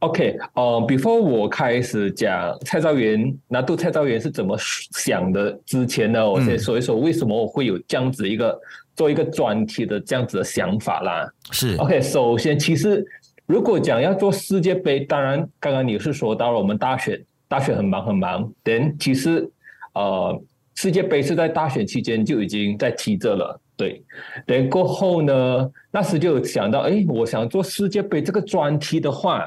OK，呃 before 我開始講蔡兆元，那度蔡兆元 before,、嗯、是怎麼想的？之前呢，我先說一說為什麼我會有這樣子一個，做一個專題的這樣子的想法啦。是，OK，首先其實如果講要做世界杯，當然，剛剛你是說到了我們大選，大選很忙很忙。等，其實呃世界杯是在大選期間就已經在提着了。對。等過後呢，那時就想到，誒，我想做世界杯這個專題的話。